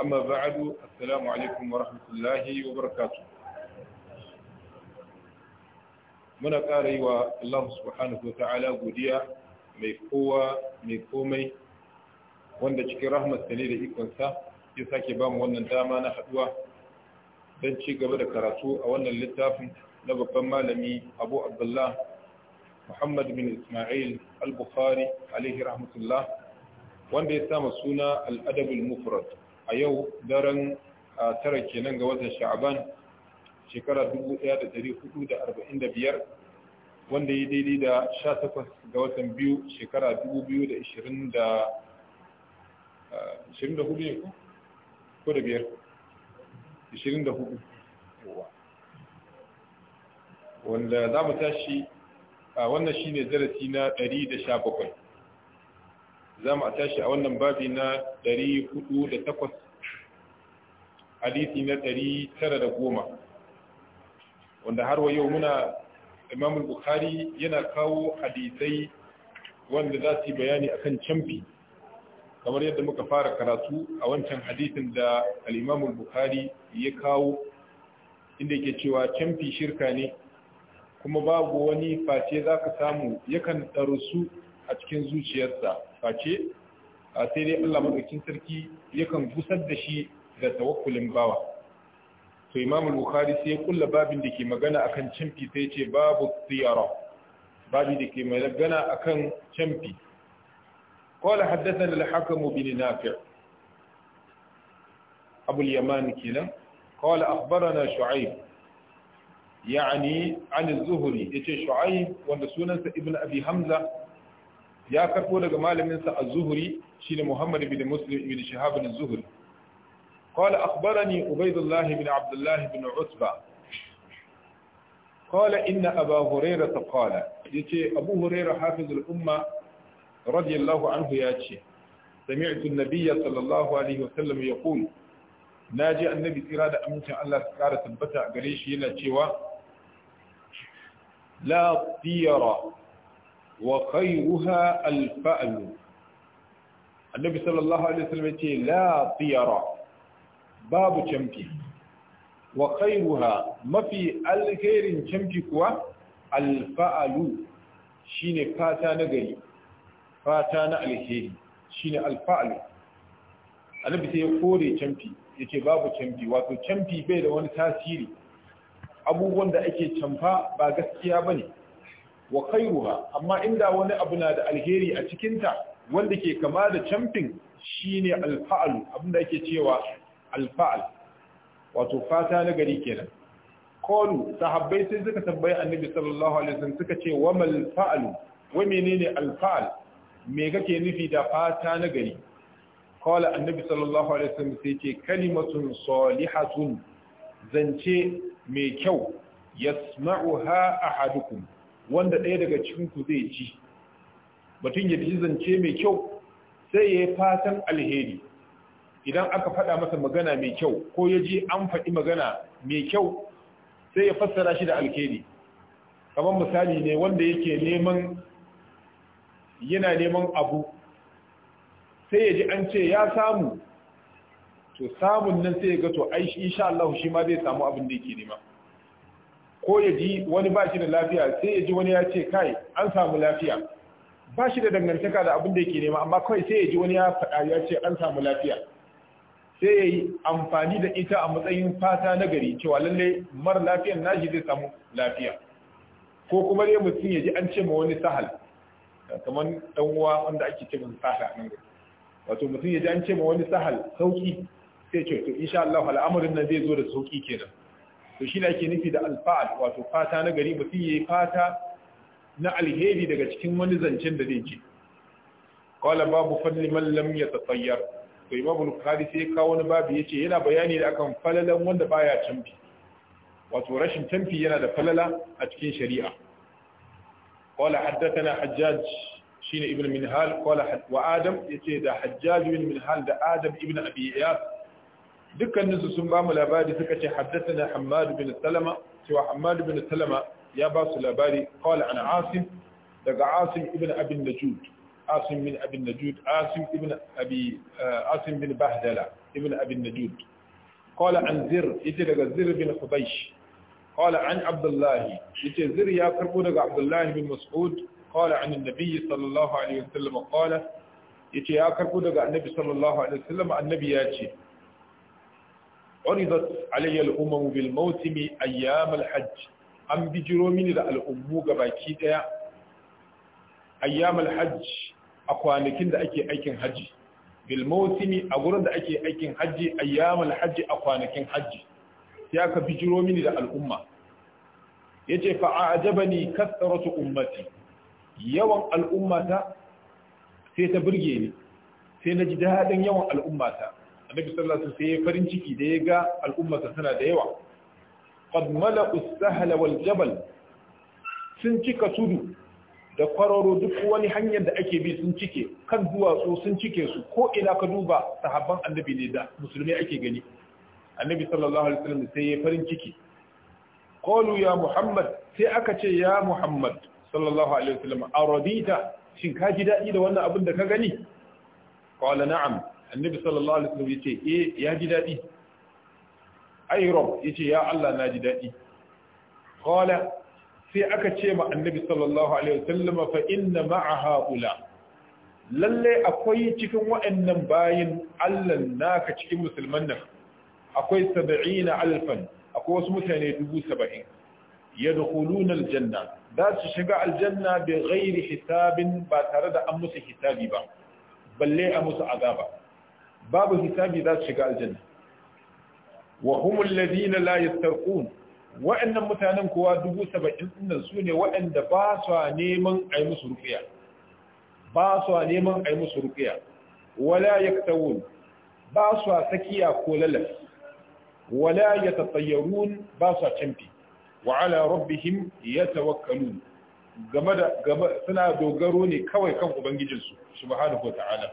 أما بعد السلام عليكم ورحمة الله وبركاته من قال الله سبحانه وتعالى قديا ميقوى ميقومي wanda cikin rahmat ne da ikonsa ya sake ba mu wannan dama na haduwa don ci gaba da karatu a wannan littafin na babban malami abu abdullah muhammad bin ismail al-bukhari alaihi rahmatullah wanda ya sama suna al-adabul mufrad a yau daren tara kenan ga watan sha'aban shekara 1445 wanda ya daidai da 18 ga watan biyu shekara 2024 ko da biyar 24 wanda za mu tashi wannan shine zarafi na 117 za mu a tashi a wannan babi na 408 hadisi na 910 wanda har wa yau muna imamul bukhari yana kawo hadisai wanda za su yi bayani akan canfi kamar yadda muka fara karatu a wancan hadisin da al'imamul bukhari ya kawo inda yake cewa canfi shirka ne kuma babu wani face za ka samu yakan ɗarsu a cikin zuciyarsa face a sai dai Allah madaukakin sarki yakan gusar da shi da tawakkulin bawa to Imam Bukhari sai ya kulla babin da ke magana akan canfi sai ya ce babu tiyara babi da ke magana akan canfi قال حدثنا الحكم بن نافع أبو اليمان كلا قال أخبرنا شعيب يعني عن الزهري يتي شعيب ونسونا ابن أبي حمزة ya karbo daga malaminsa a zuhuri shi ne muhammad bin muslim bin shahabin zuhuri kawai akbara ne ubaidullahi bin abdullahi bin utba kawai ina abu huraira ta kawai ya ce abu huraira hafiz al'umma radiyallahu anhu ya ce sami'atun nabiya sallallahu alaihi wasallam ya kun na ji annabi tsira da amincin allah su kara tabbata gare shi yana cewa la wa khayruha al-fa'l annabi sallallahu alaihi wasallam ce la tiyara babu champi wa khayruha mafi alkhairin champi kuwa al-fa'lu shine fata na gari fata na alheri shine al-fa'lu annabi sai ya kore champi yace babu champi wato champi bai da wani tasiri abubuwan da ake camfa ba gaskiya bane wa khairuha amma inda wani abu na da alheri a cikinta wanda ke kama da camfin shine alfa'al abinda ake cewa alfa'al wato fata na gari kenan qalu sahabbai sai suka tambayi annabi sallallahu alaihi wasallam suka ce wa mal fa'al wa menene alfa'al me kake nufi da fata na gari qala annabi sallallahu alaihi wasallam sai ce kalimatun salihatun zance mai kyau yasma'uha ahadukum wanda ɗaya daga cikinku zai ji mutum ya ji zance mai kyau sai ya yi fatan alheri idan aka faɗa masa magana mai kyau ko ya ji an faɗi magana mai kyau sai ya fassara shi da alheri kamar misali ne wanda yake neman yana neman abu sai ya ji an ce ya samu to samun nan sai ya ga to ai insha Allah shi ma zai samu abin da yake nema ko ya ji wani ba shi da lafiya sai ya ji wani ya ce kai an samu lafiya ba shi da dangantaka da abin da yake nema amma kawai sai ya ji wani ya faɗa ya ce an samu lafiya sai ya yi amfani da ita a matsayin fata na gari cewa lallai mara lafiyan na shi zai samu lafiya ko kuma dai mutum ya ji an ce ma wani sahal kamar dan uwa wanda ake ce min sahal nan wato mutum ya ji an ce ma wani sahal sauki sai ce to insha Allah al'amarin nan zai zo da sauki kenan to shi ne ake nufi da alfa'al wato fata na gari mutum ya yi fata na alheri daga cikin wani zancen da zai ce kawala babu fadli man lam ya tsayar, to imamu lukari sai kawo wani babu ce yana bayani da akan falalan wanda baya canfi wato rashin canfi yana da falala a cikin shari'a kawala haddathana hajjaj ne ibn minhal kawala wa adam yace da hajjaj ibn minhal da adam ibn abi dukkaninsu sun ba mu labari suka ce haddathana Hammad bin Salama cewa Hammad bin Salama ya ba su labari qala ana Asim daga Asim ibn Abi Najud Asim bin Abi Najud Asim ibn Abi eh, Asim bin Bahdala ibn Abi Najud qala an Zir yace daga Zir bin Hubaysh qala an Abdullah yace Zir ya karbo daga Abdullah bin Mas'ud qala an an sallallahu alaihi wasallam qala yace ya karbo daga annabi sallallahu alaihi wasallam annabi ya ce uridat alayya al-umam bil mawsimi ayyam al-hajj an da al'ummu ga daya ayyam al a kwanakin da ake aikin haji bil a gurin da ake aikin haji ayyam al-hajj a kwanakin bijiro mini da al'umma yace fa a'jabani kasratu ummati yawan al'ummata sai ta burge ni sai na ji daɗin yawan al'ummata annabi sallallahu alaihi wasallam farin ciki da ya ga al'ummarsa tana da yawa qad mala'u sahla wal jabal sun cika tudu da kwararo duk wani hanyar da ake bi sun cike kan duwatsu sun cike su ko ina ka duba sahabban annabi ne da musulmi ake gani annabi sallallahu alaihi wasallam sai ya farin ciki qalu ya muhammad sai aka ce ya muhammad sallallahu alaihi wasallam aradita shin ka ji dadi da wannan abin da ka gani qala na'am annabi sallallahu alaihi wasallam yace eh ya ji dadi ai rob yace ya Allah na ji dadi qala sai aka ce ma annabi sallallahu alaihi wasallam fa inna ma'a ula. lalle akwai cikin waɗannan bayin Allah naka cikin musulman nan akwai 70 alfan akwai wasu mutane 70 yadkhuluna aljanna za su shiga aljanna bi ghairi hisabin ba tare da an musu hisabi ba balle a musu azaba babu hisabi za su shiga aljanna wa humul ladina la yastarqun wa'annan mutanen kowa dubu saba'in ɗinnan su ne wa'anda ba su neman a musu rukiya ba su neman a musu rukiya wala ya ba su sakiya ko lalas wala ya tattayyarun ba su canfi wa ala rabbihim ya tawakkalun game da suna dogaro ne kawai kan ubangijinsu subhanahu wa ta'ala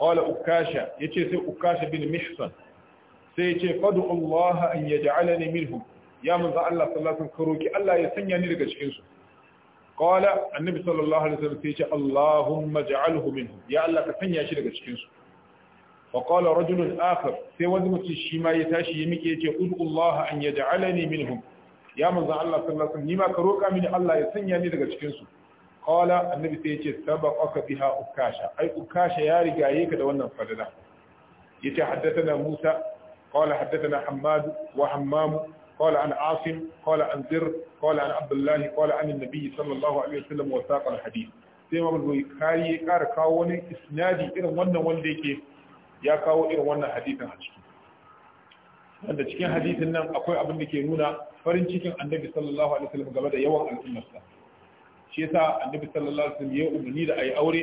qala ukasha yace sai ukasha bin mihsan sai yace fadu Allah an yaj'alani minhum ya manzo Allah sallallahu alaihi wasallam karoki Allah ya sanya ni daga cikin su qala annabi sallallahu alaihi wasallam sai yace Allahumma ij'alhu minhum ya Allah ka sanya shi daga cikin su فقال رجل آخر sai wani mutum shi ma ya tashi ya miƙe yace ud'u Allah an yaj'alani minhum ya manzo Allah sallallahu alaihi wasallam ni ma ka roka mini Allah ya sanya ni daga cikin su qala annabi sai yace aka biha ukasha ai ukasha ya riga yi ka da wannan fadala yace na Musa qala na Hamadu wa Hamamu qala an Asim qala an Zir qala an Abdullahi qala an annabi sallallahu alaihi wasallam wa saqa al-hadith sai Imam Bukhari ya ƙara kawo wani isnadi irin wannan wanda yake ya kawo irin wannan hadisin a ciki wanda cikin hadisin nan akwai abin da ke nuna farin cikin annabi sallallahu alaihi wasallam game da yawan al'ummarsa shi yasa annabi sallallahu alaihi wasallam ya umarni da ayi aure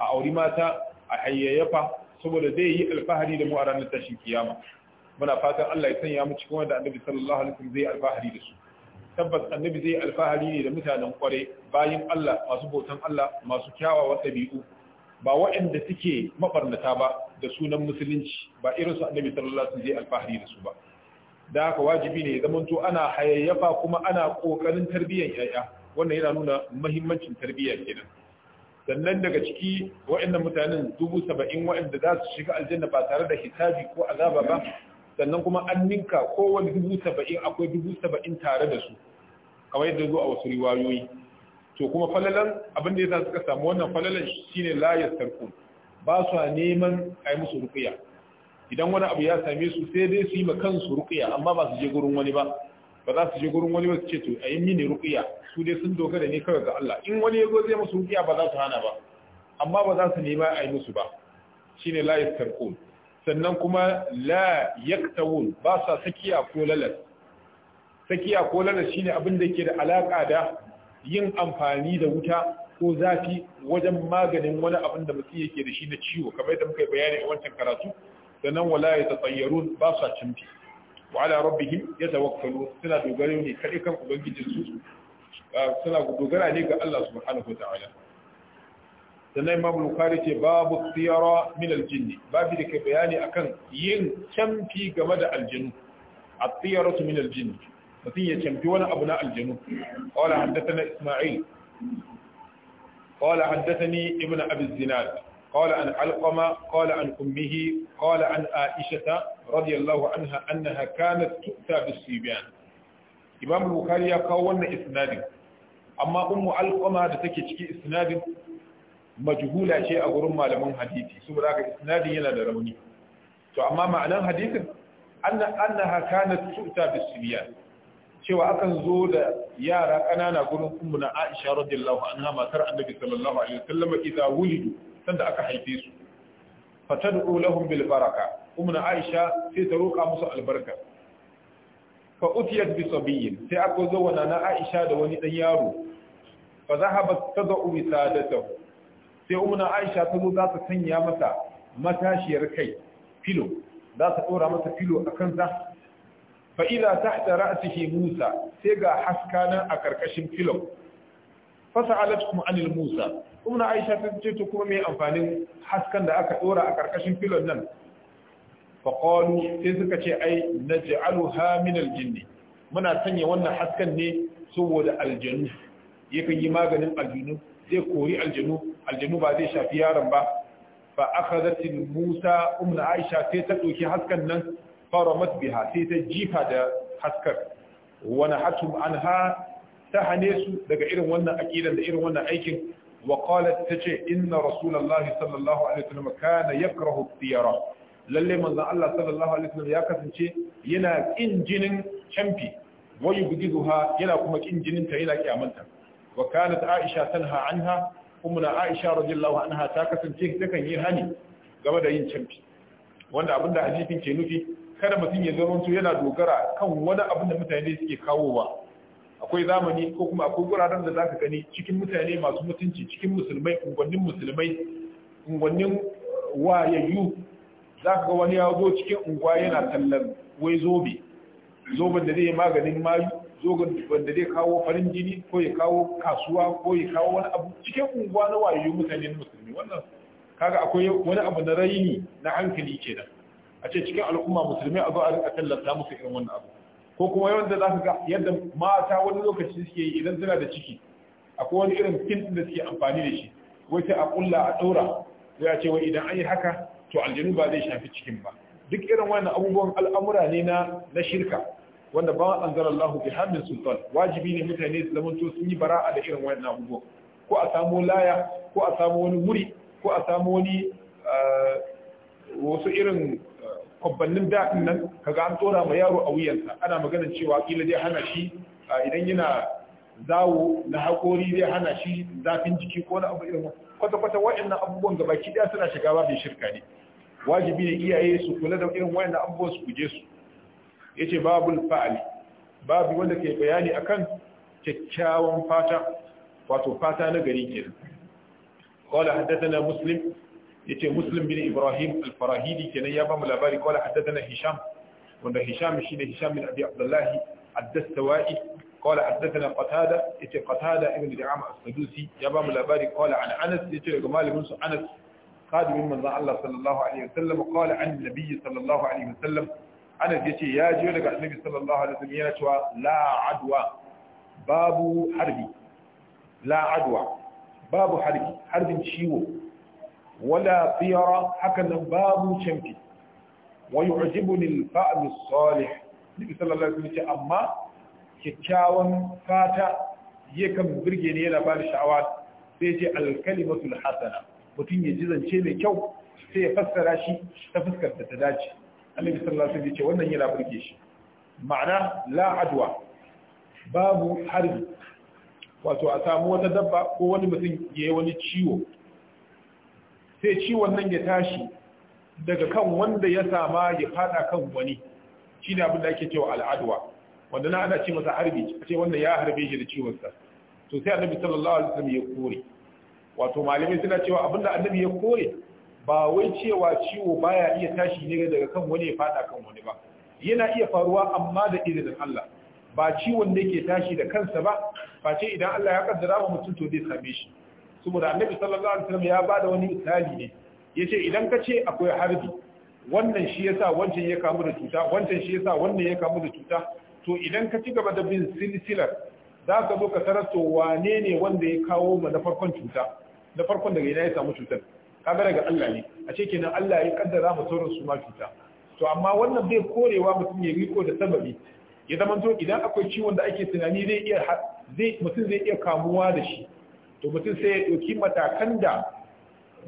a auri mata a hayyayafa saboda zai yi alfahari da mu a ranar tashin kiyama muna fatan Allah ya sanya mu cikin wanda annabi sallallahu alaihi wasallam zai yi alfahari da su tabbas annabi zai yi alfahari ne da mutanen kware bayin Allah masu bautan Allah masu kyawawan ɗabi'u ba waɗanda suke mabarnata ba da sunan musulunci ba irin su annabi sallallahu alaihi wasallam zai alfahari da su ba da haka wajibi ne zaman to ana hayayyafa kuma ana kokarin tarbiyyar yaya wannan yana nuna mahimmancin tarbiyya kenan sannan daga ciki wa'annan mutanen dubu saba'in wa'anda za su shiga aljanna ba tare da hisabi ko azaba ba sannan kuma an ninka kowane dubu saba'in akwai dubu saba'in tare da su kamar yadda zo a wasu riwayoyi to kuma falalan abin da yasa suka samu wannan falalan shine la yastarqun ba su neman a yi musu rukiya idan wani abu ya same su sai dai su yi ma kansu rukiya amma ba su je gurin wani ba ba za su je gurin wani wasu ce to a yi mini rukiya su dai sun dogara ne kawai ga Allah in wani ya zo zai musu rukiya ba za su hana ba amma ba za su nema a yi musu ba shine la yastarqun sannan kuma la yaktawun ba sa sakiya ko lalas sakiya ko lalas shine abin da yake da alaka da yin amfani da wuta ko zafi wajen maganin wani abin da mutum yake da shi na ciwo kamar yadda muka yi bayani a wancan karatu sannan wala ya tsayyarun ba sa cimfi wa ala rabbihim yatawakkalu suna dogara ne kadai kan ubangijin su suna dogara ne ga Allah subhanahu wataala sannan imam bukhari ce babu siyara min aljinni babu da ke bayani akan yin camfi game da aljinu at-tiyaratu min aljinni mutum ya camfi wani abu na aljinu qala haddathana isma'il qala haddathani ibnu abi zinad قال عن علقمة قال عن أمه قال عن عائشة رضي الله عنها أنها كانت تؤتى بالسيبيان إمام البخاري قاولنا إسناد أما أم علقمة تتكي إسناد majhula ce a gurin malaman hadisi saboda haka isnadin yana da rauni to amma ma'anan hadisin anna annaha cewa akan zo da yara kanana gurin ummu na Aisha radiyallahu anha matar Annabi sallallahu alaihi wasallam idza wulidu sanda aka haife su fatad'u lahum bil baraka umma aisha sai ta roka musu albarka fa utiyat bi sabiyyin sai aka zo wa nana aisha da wani dan yaro fa zahabat tad'u wisadatahu sai umma aisha ta zo za ta sanya masa matashiyar kai filo za ta dora masa filo akan sa fa idza tahta ra'sihi musa sai ga haskanan a karkashin filo fasa'alatkum anil musa umna aisha ta ce ta kuma mai amfanin hasken da aka dora a karkashin filon nan fa qalu sai suka ce ai naj'aluha min aljinni muna sanya wannan hasken ne saboda aljanu yakan yi maganin aljanu zai kori aljanu aljanu ba zai shafi yaron ba fa akhadhat musa umna aisha sai ta ɗauki hasken nan faramat biha sai ta jifa da haskar wa nahatum anha ta hane su daga irin wannan aqidan da irin wannan aikin وقالت تجي إن رسول الله صلى الله عليه وسلم كان يكره الطيرة للي من الله صلى الله عليه وسلم يكتن شيء ينا إنجن شمبي ويبجزها ينا كما إنجن تينا كيامنتا وكانت عائشة تنهى عنها أمنا عائشة رضي الله عنها تاكتن شيء تكن يهاني قبل ين شمبي wanda abin da hadisin ke nufi kada mutum ya zama yana dogara kan wani abin da mutane suke kawowa akwai zamani ko kuma akwai guraren da zaka gani cikin mutane masu mutunci cikin musulmai ungwannin musulmai ungwannin wayayyu zaka ga wani ya zo cikin unguwa yana tallan wai zobe zoben da zai maganin mayu zoben da zai kawo farin jini ko ya kawo kasuwa ko ya kawo wani abu cikin unguwa na wayayyu mutane musulmi wannan kaga akwai wani abu na raini na hankali kenan a ce cikin al'umma musulmi a zo a tallata musu irin wannan abu ko kuma yawan da za ka ga yadda mata wani lokaci suke yi idan suna da ciki akwai wani irin kin da suke amfani da shi wai sai a kulla a ɗora. ya ce wai idan an yi haka to aljanu ba zai shafi cikin ba duk irin wannan abubuwan al'amura ne na na shirka wanda ba an zara Allah bi sultan wajibi ne mutane su zama to sun yi bara'a da irin wannan abubuwan ko a samu laya ko a samu wani wuri ko a samu wani eh, wasu irin kwabbannin daɗin nan kaga an tsora ma yaro a wuyansa ana maganar cewa kila zai hana shi idan yana zawo na haƙori zai hana shi zafin jiki ko na abu irin kwata-kwata wa'annan abubuwan gaba ki ɗaya suna shiga bai shirka ne wajibi ne iyaye su kula da irin wa'annan abubuwan su guje su ya ce Babu fa'ali babu wanda ke bayani akan kyakkyawan fata wato fata na gari kenan قال حدثنا مسلم yace muslim bin ibrahim al kenan ya bamu labari kawai haddadana hisham wanda hisham shi ne hisham bin abi abdullah haddasa tawai kawai haddadana qatada yace qatada ibn da'ama as-sadusi ya bamu labari kawai an anas yace daga malamin su anas qadim min allah sallallahu alaihi wasallam qala an nabiy sallallahu alaihi wasallam anas yace ya je daga annabi sallallahu alaihi wasallam yana cewa la babu harbi la babu harbi harbin ciwo wala tsira haka babu canfi wa yu'jibuni al-fa'l as-salih nabi sallallahu alaihi wasallam ce amma kyakkyawan fata yakan birge ne yana bada sha'awa sai ce al-kalimatul hasana mutum ya ji zance mai kyau sai ya fassara shi ta fuskar da ta dace annabi sallallahu alaihi ce wannan yana burge shi ma'ana la'aduwa babu harbi wato a samu wata dabba ko wani mutum ya yi wani ciwo sai ciwon nan ya tashi daga kan wanda ya sama ya fada kan wani shi ne abin da ake cewa al'adwa wanda na ana ce masa harbi ce wanda ya harbe shi da ciwonsa to sai annabi sallallahu alaihi wasallam ya kore wato malamai suna cewa abin da annabi ya kore ba wai cewa ciwo baya iya tashi ne daga kan wani ya fada kan wani ba yana iya faruwa amma da izinin Allah ba ciwon da ke tashi da kansa ba face idan Allah ya kaddara wa mutum to zai same shi saboda annabi sallallahu alaihi wasallam ya bada wani misali ne yace idan ka ce akwai harbi wannan shi yasa wancan ya kamu da cuta wancan shi yasa wannan ya kamu da cuta to idan ka ci gaba da bin silsilar za ka zo ka tarar wane ne wanda ya kawo ma na farkon cuta na farkon daga ina ya samu cutar kaga daga Allah ne a ce kenan Allah ya kaddara mu sauran su ma cuta to amma wannan bai korewa mutum ya riko da sababi ya zama to idan akwai ciwon da ake tunani zai iya zai mutum zai iya kamuwa da shi to mutum sai ya ɗauki matakan da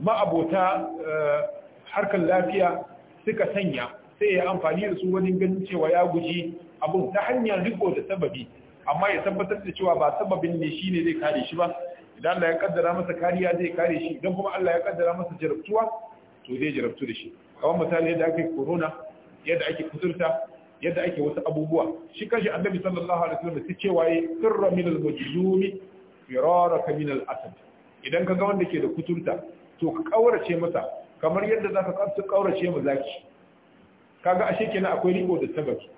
ma'abota eh, harkar lafiya suka sanya sai ya amfani da su wajen ganin cewa ya guji abun ta hanyar riko da sababi amma ya tabbatar da cewa ba sababin ne shi ne zai kare shi ba idan Allah ya kaddara masa kariya zai kare shi idan kuma Allah ya kaddara masa jarabtuwa to zai jarabtu da shi kamar misali yadda ake corona yadda ake kusurta yadda ake wasu abubuwa shi kanshi annabi sallallahu alaihi wasallam sai cewa sirra min al ka min al-asad idan ga wanda ke da kuturta to ka kaurace masa kamar yadda zaka kafta kaurace ma zaki kaga ashe kenan akwai riko da sababi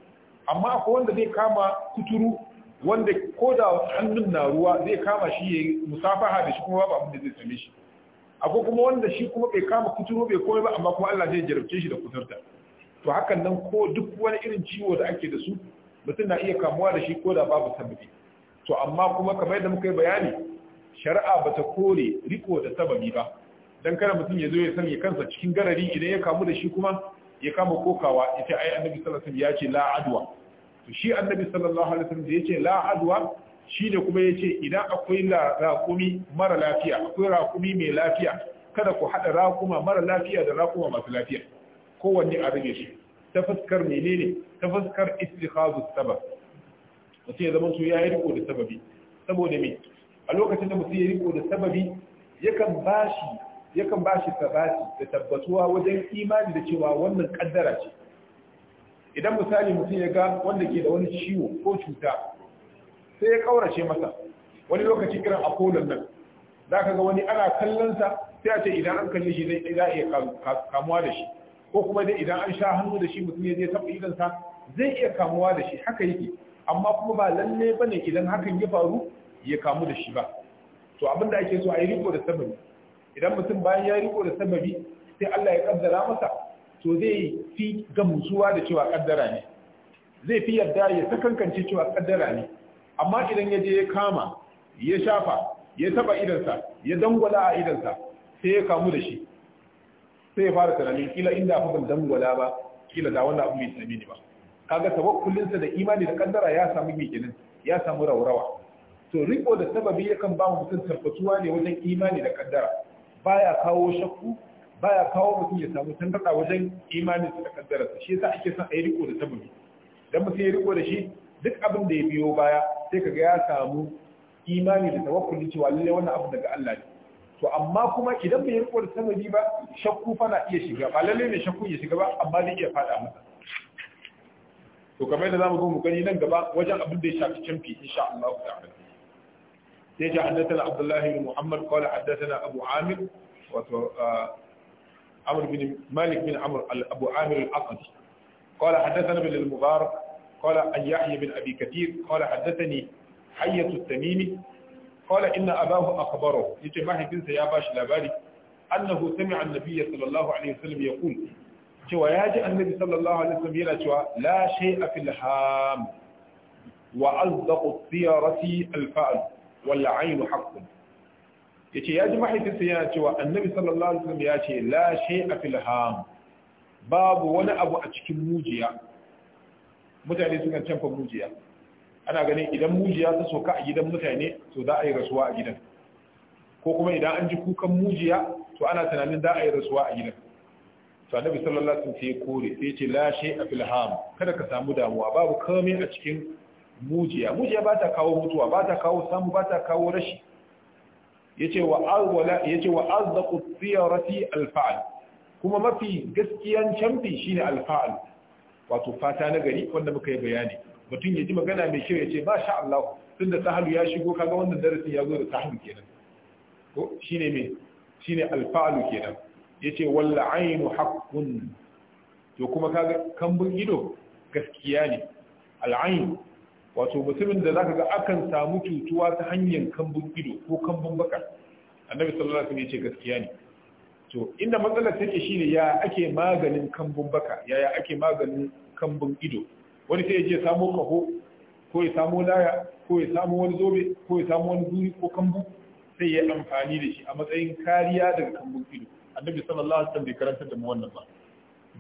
amma akwai wanda zai kama kuturu wanda ko da hannun na ruwa zai kama shi ya musafaha da shi kuma babu abin da zai same shi akwai kuma wanda shi kuma bai kama kuturu bai komai ba amma kuma Allah zai jarabce shi da kuturta to hakan nan ko duk wani irin ciwo da ake da su mutum na iya kamuwa da shi ko da babu sababi to amma kuma kamar yadda muka yi bayani shari'a ba ta kore riko da sababi ba dan kada mutum ya zo ya sanya kansa cikin garari idan ya kamu da shi kuma ya kama kokawa ya ce ai annabi sallallahu alaihi wasallam ya ce la adwa to shi annabi sallallahu alaihi wasallam da ya ce la adwa shi ne kuma ya ce idan akwai raƙumi mara lafiya akwai raƙumi mai lafiya kada ku haɗa raƙuma mara lafiya da raƙuma masu lafiya kowanne a rage shi ta fuskar menene ta fuskar istikhazu sabab mutum ya zama su ya yi riko da sababi saboda me a lokacin da mutum ya riko da sababi yakan bashi yakan sabati da tabbatuwa wajen imani da cewa wannan kaddara ce idan misali mutum ya ga wanda ke da wani ciwo ko cuta sai ya kaurace masa wani lokaci kiran akolon nan za ka ga wani ana kallonsa sai a ce idan an kalli shi zai iya kamuwa da shi ko kuma dai idan an sha hannu da shi mutum ya je taɓa idansa zai iya kamuwa da shi haka yake amma kuma ba lalle ne idan hakan ya faru ya kamu da shi ba to abin da ake so a yi riko da sababi idan mutum bayan ya riko da sababi sai Allah ya kaddara masa to zai fi gamsuwa da cewa kaddara ne zai fi yarda ya sakankance cewa kaddara ne amma idan ya je ya kama ya shafa ya taba idansa ya dangwala a idansa sai ya kamu da shi sai ya fara tunanin kila inda ban dangwala ba kila da wannan abu bai sami ne ba kaga sa da imani da kaddara ya samu giginin ya samu raurawa to riko da sababi yakan ba mutum tabbatuwa ne wajen imani da kaddara baya kawo shakku baya kawo mutum ya samu tangarda wajen imani da kaddara shi yasa ake son a yi riko da sababi dan mutum ya riko da shi duk abin da ya biyo baya sai kaga ya samu imani da tawakkuli cewa lalle wannan abu daga Allah ne to amma kuma idan bai riko da sababi ba shakku fa na iya shiga ba lallai ne shakku ya shiga ba amma zai iya fada masa to kamar yadda zamu zo mu gani nan gaba wajen abin da ya shafi canfi insha Allah ta'ala sai ya haddathana Abdullah ibn Muhammad qala hadathana Abu Amir wato Amr bin Malik bin Amr Abu Amir al-Aqdi qala hadathana bil Mubarak qala an Yahya bin Abi Kathir qala hadathani Hayyat al-Tamimi قال إن أباه أخبره يتمحي mahaifinsa ya bashi labari annahu sami'a an-nabiy sallallahu alaihi wasallam yaqul cewa ya ji annabi sallallahu alaihi wasallam yana cewa la shay'a fil ham wa azdaqu siyarati al fa'l wal 'ayn haqqun yace ya ji mahaifinsa yana cewa annabi sallallahu alaihi wasallam ya ce la shay'a fil ham babu wani abu a cikin mujiya mutane suna canfa mujiya ana ganin idan mujiya ta soka a gidan mutane to za a yi rasuwa a gidan ko kuma idan an ji kukan mujiya to ana tunanin za a yi rasuwa a gidan to annabi sallallahu alaihi wasallam sai kore sai ce la shay fil ham kada ka samu damuwa babu komai a cikin mujiya mujiya ba ta kawo mutuwa ba ta kawo samu ba ta kawo rashi yace wa awwala yace wa azdaqu siyarati al kuma mafi gaskiyan canfi shine al fa'l wato fata na gari wanda muka yi bayani mutum ya ji magana mai kyau yace sha Allah tunda sahalu ya shigo kaga wannan darasin ya zo da sahalu kenan ko shine me shine al kenan yace walla ainu haqqun to kuma kaga kambun ido gaskiya ne al wato mutumin da zaka ga akan samu cutuwa ta hanyar kambun ido ko kambun baka annabi sallallahu alaihi wasallam gaskiya ne to inda matsalar take shine ya ake maganin kambun baka yaya ake maganin kambun ido wani sai ya je samo kaho ko ya samo laya ko ya samo wani zobe ko ya samo wani duri ko kambu sai ya amfani da shi a matsayin kariya daga kambun ido annabi sallallahu alaihi wasallam bai karanta da mu wannan ba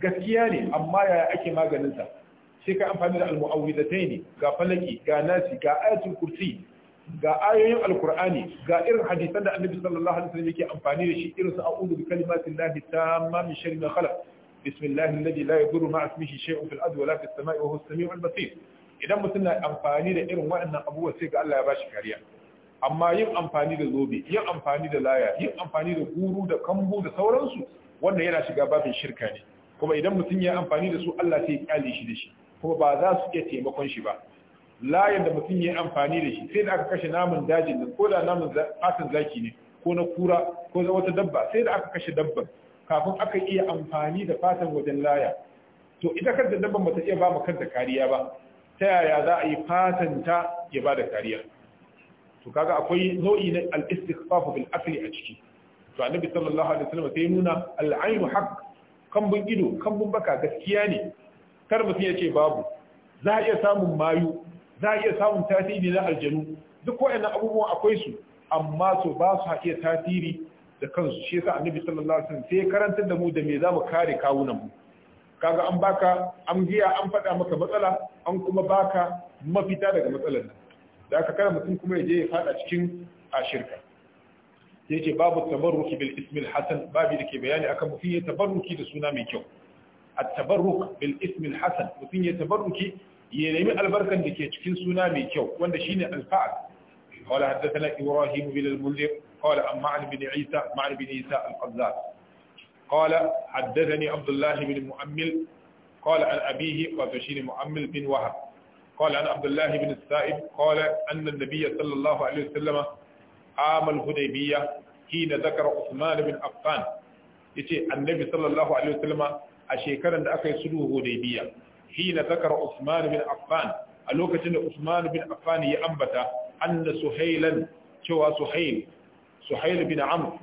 gaskiya ne amma yaya ake maganin sa sai ka amfani da almu'awwidataini ga falaki ga nasi ga ayatul kursi ga ayoyin alkur'ani ga irin hadisan da annabi sallallahu alaihi wasallam yake amfani da shi irin su a'udhu bi kalimatin lahi tamma min sharri ma khalaq bismillahi alladhi la yadurru ma'a ismihi shay'un fil ardi wa la fis samai wa huwa as-sami'ul basir idan mutum na amfani da irin waɗannan abubuwa sai ga Allah ya bashi kariya amma yin amfani da zobe yin amfani da laya yin amfani da guru da kambu da sauransu wannan yana shiga babin shirka ne kuma idan mutum ya amfani da su Allah sai ya kyale shi da shi kuma ba za su iya taimakon shi ba layan da mutum ya amfani da shi sai da aka kashe namun dajin nan ko da namun fatan zaki ne ko na kura ko wata dabba sai da aka kashe dabban kafin aka iya amfani da fatan wajen laya to ita kanta dabban ba ta iya ba mu kanta kariya ba ta yaya za a yi fatan ta ya bada kariya to kaga akwai nau'i na al-istighfaf bil akli a ciki to annabi sallallahu alaihi wasallam sai nuna al-ainu haqq kambun ido kambun baka gaskiya ne kar mutum ya ce babu za a iya samun mayu za a iya samun tasiri na aljanu duk waɗannan abubuwan akwai su amma su ba su iya tasiri da kansu shi yasa annabi sallallahu alaihi wasallam sai karantar da mu da me zamu kare kawunan mu kaga an baka an giya an faɗa maka matsala an kuma baka mafita daga matsalar nan da aka kara mutum kuma ya je ya fada cikin a shirka ce babu tabarruki bil ismil hasan babu da ke bayani akan mutum ya tabarruki da suna mai kyau A tabarruk bil ismil hasan mutum ya tabarruki ya nemi albarkan da ke cikin suna mai kyau wanda shine al-fa'al قال حدثنا إبراهيم بن المنذر قال عن معن بن عيسى معن بن عيسى القذاب قال حدثني عبد الله بن مؤمل قال عن أبيه وتشين مؤمل bin وهب قال عن عبد الله بن السائب قال أن النبي صلى الله عليه وسلم عام الهديبية حين ذكر عثمان بن عفان يتي النبي صلى الله عليه وسلم أشيكرا أكي سلوه هديبية حين ذكر عثمان بن عفان ألوكة عثمان بن عفان يأنبت أن سهيلا شوى سهيل سهيل بن عمرو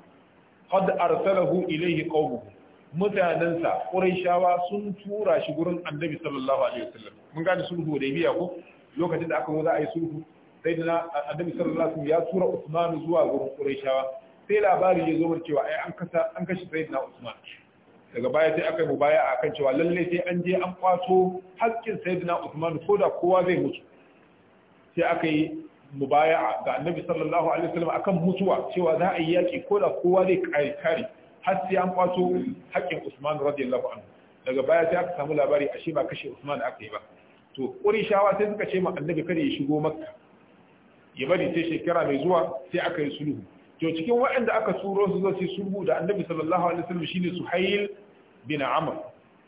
قد أرسله إليه قومه mutanensa ƙurayshawa sun tura shi gurin annabi sallallahu alaihi wasallam mun gane sulhu da biya ko lokacin da aka zo za a yi sulhu sai da annabi sallallahu alaihi wasallam ya tura Usman zuwa gurin Qurayshawa sai labari ya zo mun cewa ai an kasa an kashi sayyidina Usman daga baya sai aka yi mubaya'a akan cewa lalle sai an je an kwato haƙƙin sayyidina Usman ko da kowa zai mutu sai aka yi mubaya'a ga annabi sallallahu alaihi wasallam akan mutuwa cewa za a yi yaki ko da kowa zai kare kare har sai an kwato haƙƙin Usman radiyallahu anhu daga baya sai aka samu labari ashe ba kashe Usman aka yi ba to ƙurishawa sai suka ce ma annabi kada ya shigo makka ya bari sai shekara mai zuwa sai aka yi sulhu to cikin waɗanda aka turo su zo su sulhu da annabi sallallahu alaihi wasallam shine suhail bin amr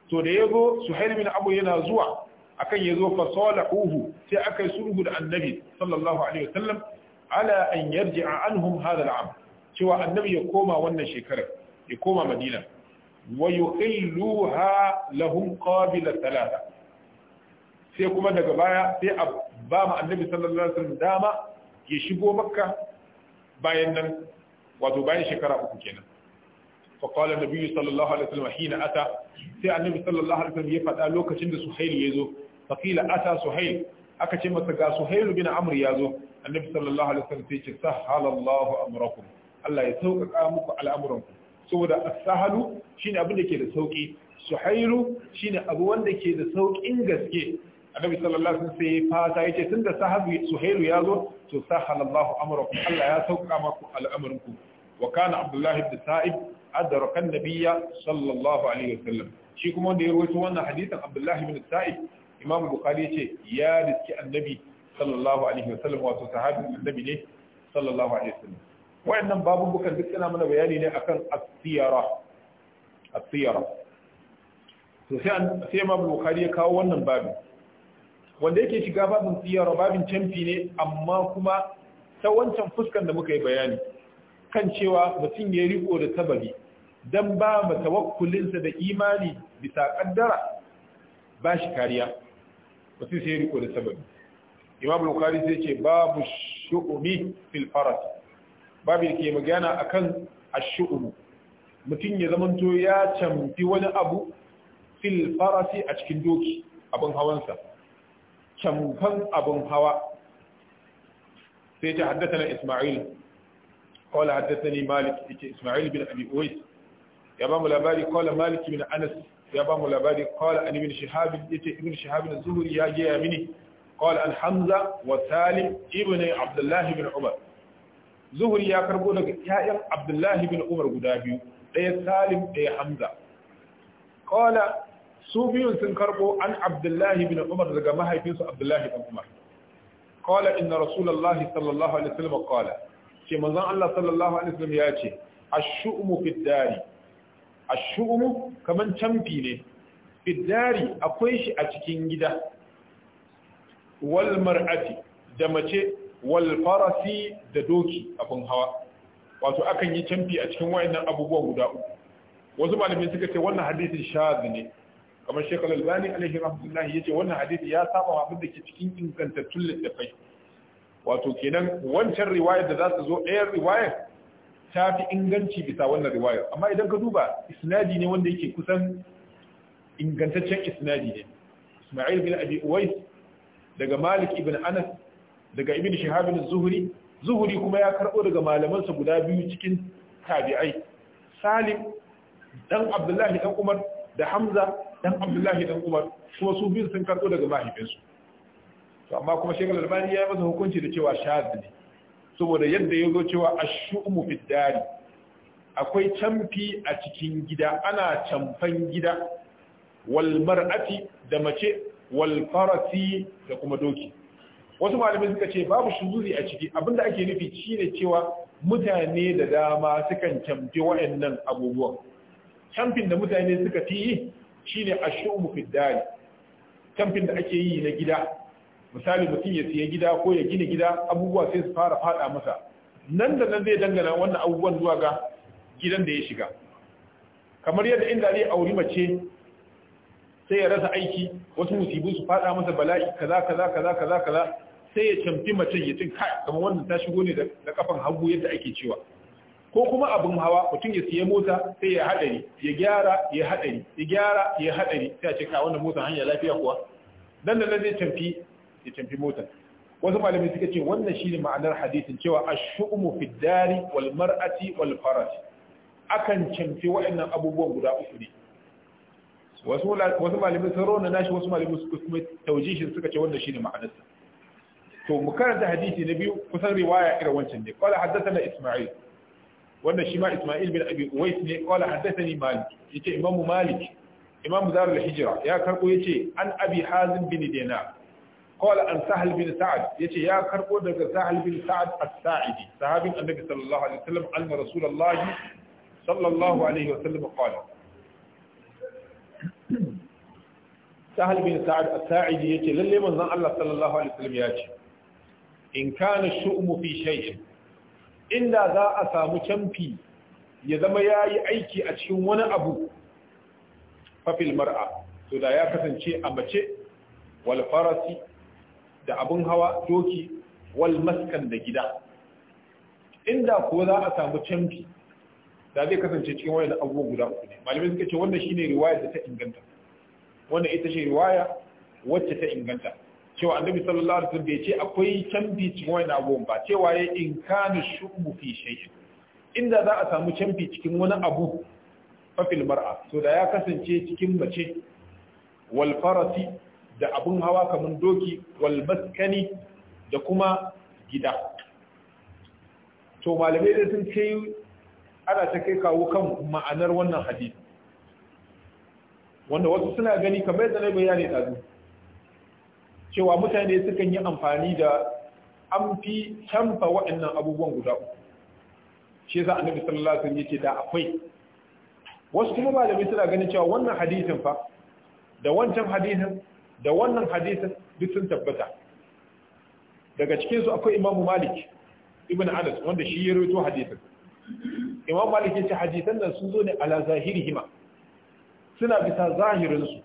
to da yazo suhail bin amr yana zuwa akan yazo fa salahuhu sai aka yi sulhu da annabi sallallahu alaihi wasallam ala an yarji'a anhum hadha al'am cewa annabi ya koma wannan shekarar ya koma madina wa yuhilluha lahum qabila thalatha sai kuma daga baya sai a ba mu annabi sallallahu alaihi wasallam dama ya shigo makka bayan nan wato bayan shekara uku kenan fa qala annabi sallallahu alaihi wasallam hina ata sai annabi sallallahu alaihi wasallam ya faɗa lokacin da suhail ya zo fa qila ata suhail aka ce masa ga suhail bin amr ya zo annabi sallallahu alaihi wasallam sai ce sahhalallahu amrakum Allah ya sauƙaƙa muku al'amuranku saboda as-sahalu shine abin da ke da sauki suhailu shine abu wanda ke da sauƙin gaske annabi sallallahu alaihi wasallam sai fata yace tunda sahabi suhailu ya zo to sahala Allahu amrakum Allah ya sauka maku al'amarin ku wa kana Abdullah ibn Sa'ib adraka an-nabiyya sallallahu alaihi wasallam shi kuma wanda ya rawaito wannan hadisin Abdullah ibn Sa'id, Imam Bukhari yace ya riski annabi sallallahu alaihi wasallam wato sahabin annabi ne sallallahu alaihi wasallam wayannan babubukan duk suna mana bayani ne akan as-siyara as-siyara to sai Imam Bukhari ya kawo wannan babin wanda yake shiga babin tsiyarwa babin canfi ne amma kuma ta wancan fuskan da muka yi bayani kan cewa mutum ya riko da sababi don ba mu da imani bisa kaddara ba shi kariya mutum sai ya riko da sababi imam bukari sai ce babu shu'umi fil faras babu da ke magana a akan ashu'umu mutum ya zamanto ya camfi wani abu fil farasi a cikin doki abin hawansa camfan abin hawa sai ta haddatana Ismail qala haddathani Malik yace Ismail bin Abi ya ba mu labari qala Malik bin Anas ya ba mu labari qala an ibn Shihab yace ibn Shihab az-Zuhri ya je mini qala an wa Salim ibn Abdullah bin Umar Zuhri ya karbo daga ƴaƴan Abdullah bin Umar guda biyu ɗaya Salim ɗaya Hamza su biyun sun karbo an abdullahi bin umar daga mahaifinsu abdullahi bin umar qala inna Rasulallah sallallahu alaihi wasallam qala ce manzon Allah sallallahu alaihi wasallam ya ce ash-shu'mu fid kaman camfi ne fid akwai shi a cikin gida wal mar'ati da mace wal farasi da doki abin hawa wato akan yi camfi a cikin wayannan abubuwan guda uku wasu malamai suka ce wannan hadisin shadh ne kamar shekul albani alaihi rahmatullahi yace wannan hadisi ya saba wa abin da ke cikin ingantattun littafai wato kenan wancan riwayar da za ta zo ɗayan riwayar ta fi inganci bisa wannan riwayar amma idan ka duba isnadi ne wanda yake kusan ingantaccen isnadi ne Isma'il bin Abi Uwais daga Malik ibn Anas daga Ibn Shihab bin Zuhri Zuhri kuma ya karbo daga malamansa guda biyu cikin tabi'ai Salim dan Abdullahi dan Umar da Hamza dan abdullahi dan umar kuma su biyu sun karɓo daga mahaifinsu to amma kuma shekar albani ya masa hukunci da cewa shahad ne saboda yadda ya zo cewa a shu'umu fiddari akwai camfi a cikin gida ana camfan gida wal mar'ati da mace wal farasi da kuma doki wasu malamai suka ce babu shuzuri a ciki abinda ake nufi shine cewa mutane da dama sukan camfi waɗannan abubuwan camfin da mutane suka fi yi shine ne fi dali kamfin da ake yi na gida misali mutum ya siya gida ko ya gina gida abubuwa sai su fara fada masa nan da nan zai dangana wannan abubuwan zuwa ga gidan da ya shiga kamar yadda inda zai auri mace sai ya rasa aiki wasu musibu su fada masa bala'i kaza kaza kaza kaza kaza sai ya camfi mace ya tin kai kamar wannan ta shigo ne da kafan hagu yadda ake cewa ko kuma abin hawa mutum ya siya mota sai ya haɗari ya gyara ya haɗari ya gyara ya haɗari sai a cika ka wannan mota hanya lafiya kuwa dan da nan zai tamfi ya tamfi motar wasu malamai suka ce wannan shine ma'anar hadisin cewa ash-shu'mu fi dari wal mar'ati wal faras akan tamfi waɗannan abubuwan guda uku ne wasu malamai sun rauna nashi wasu malamai suka kuma taujihin suka ce wannan shine ma'anarsa to mu karanta hadisi na biyu kusan riwaya irin wancan ne qala haddathana isma'il wannan shi ma Isma'il bin Abi Uwais ne qala haddathani Malik yace Imam Malik Imam Zar al-Hijra ya karbo yace an Abi Hazim bin Dinar qala an Sahal bin Sa'ad yace ya karbo daga Sahal bin Sa'ad as-Sa'idi sahabin Annabi sallallahu alaihi wasallam anna Rasulullahi sallallahu alaihi wasallam qala Sahal bin Sa'ad as-Sa'idi yace lalle manzon Allah sallallahu alaihi wasallam yace in kana shu'mu fi shay'in inda za a samu camfi ya zama ya yi aiki a cikin wani abu fafil mar'a to da ya kasance a mace wal farasi da abin hawa doki wal maskan da gida inda ko za a samu camfi da zai kasance cikin wani abubuwa guda uku ne malamai suka ce wannan shine riwaya da ta inganta wannan ita ce riwaya wacce ta inganta cewa annabi sallallahu alaihi wasallam bai ce akwai canbi cikin wani abu ba cewa ya in kana shubu fi inda za a samu canbi cikin wani abu fafil mar'a to da ya kasance cikin mace wal farasi da abun hawa kamar doki wal maskani da kuma gida to malamai da sun kai ana ta kai kawo kan ma'anar wannan hadisi wanda wasu suna gani kamar yadda na bayani dazu cewa mutane sukan yi amfani da an fi canfa waɗannan abubuwan guda uku shi yasa annabi sallallahu alaihi wasallam yace da akwai wasu kuma malamai suna ganin cewa wannan hadisin fa da wancan hadisin da wannan hadisin duk sun tabbata daga cikin su akwai imamu malik ibn anas wanda shi ya rawaito hadisin imamu malik yace hadisan nan sun zo ne ala zahirihima suna bisa zahirin su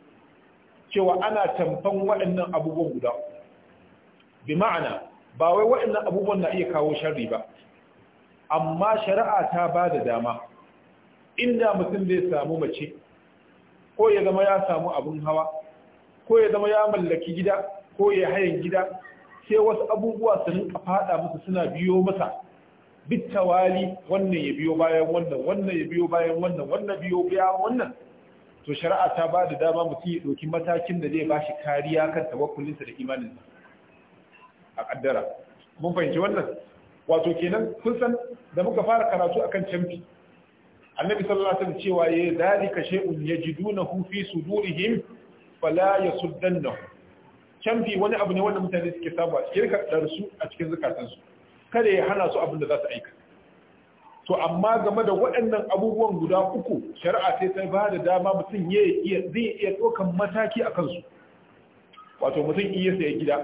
cewa ana tamfan waɗannan abubuwan guda bi ma'ana ba wai waɗannan abubuwan na iya kawo sharri ba amma shari'a ta ba da dama inda mutum zai samu mace ko ya zama ya samu abin hawa ko ya zama ya mallaki gida ko ya hayan gida sai wasu abubuwa su rinka fada musu suna biyo masa bitta wali, wannan ya biyo bayan wannan wannan ya biyo bayan wannan wannan biyo bayan wannan to shari'a ta ba da dama mutum ya ɗauki matakin da zai ba shi kariya kan tawakkulinsa da imaninsa a ƙaddara mun fahimci wannan wato kenan kun san da muka fara karatu akan canfi annabi sallallahu alaihi cewa yayi dalika shay'un yajidunahu fi sudurihim fala yasuddannahu canfi wani abu ne wanda mutane suke saba su darsu a cikin zakatansu kada ya hana su abin da za su aikata to amma game da waɗannan abubuwan guda uku shari'a sai ta ba da dama mutum zai iya ɗaukan mataki a kansu wato mutum iya sai gida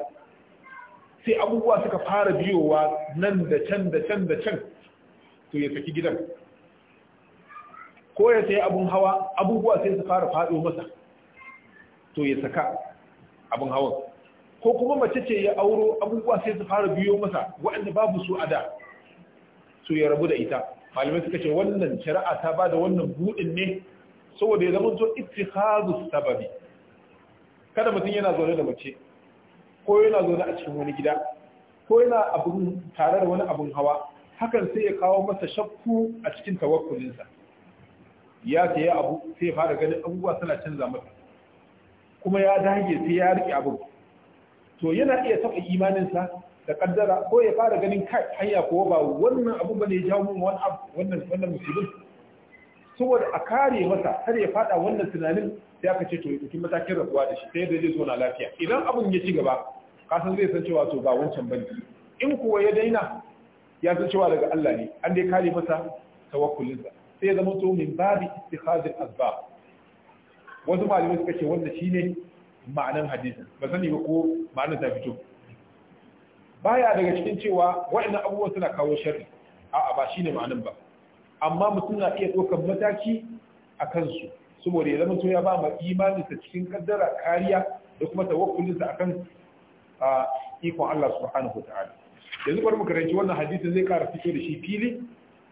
sai abubuwa suka fara biyowa nan da can da can da can to ya saki gidan ko ya sayi abun hawa abubuwa sai su fara faɗo masa to ya saka abun hawan ko kuma mace ce ya auro abubuwa sai su fara biyo masa waɗanda babu su a da su ya rabu da ita malamai suka ce wannan shari'a ta bada wannan buɗin ne saboda ya zama to ittikhadus sababi kada mutum yana zaune da mace ko yana zaune a cikin wani gida ko yana abun tare da wani abun hawa hakan sai ya kawo masa shakku a cikin tawakkulinsa ya sayi abu sai fara ganin abubuwa suna canza masa kuma ya dage sai ya rike abu to yana iya taɓa imaninsa da kaddara ko ya fara ganin kai hanya ko ba wannan abu bane ya jawo mun wani abu wannan wannan musibin saboda a kare masa har ya fada wannan tunanin sai aka ce to ya tafi matakin rabuwa da shi sai da zai zo na lafiya idan abun ya ci gaba ka san zai san cewa to ba wancan bane in kuwa ya daina ya san cewa daga Allah ne an dai kare masa tawakkulinsa sai ya zama to min babi ittikhadil asbab wasu malamai suka ce wannan shine ma'anan hadisin ba sani ba ko ma'anar ta fito baya daga cikin cewa waɗannan abubuwa suna kawo sharri a'a ba shine ma'anin ba amma mutum na iya ɗaukar mataki a kansu saboda ya zama to ya ba ma imaninsa cikin kaddara kariya da kuma tawakkulinsa akan ikon Allah subhanahu wa ta'ala yanzu bari mu karanci wannan hadisin zai kara fito da shi fili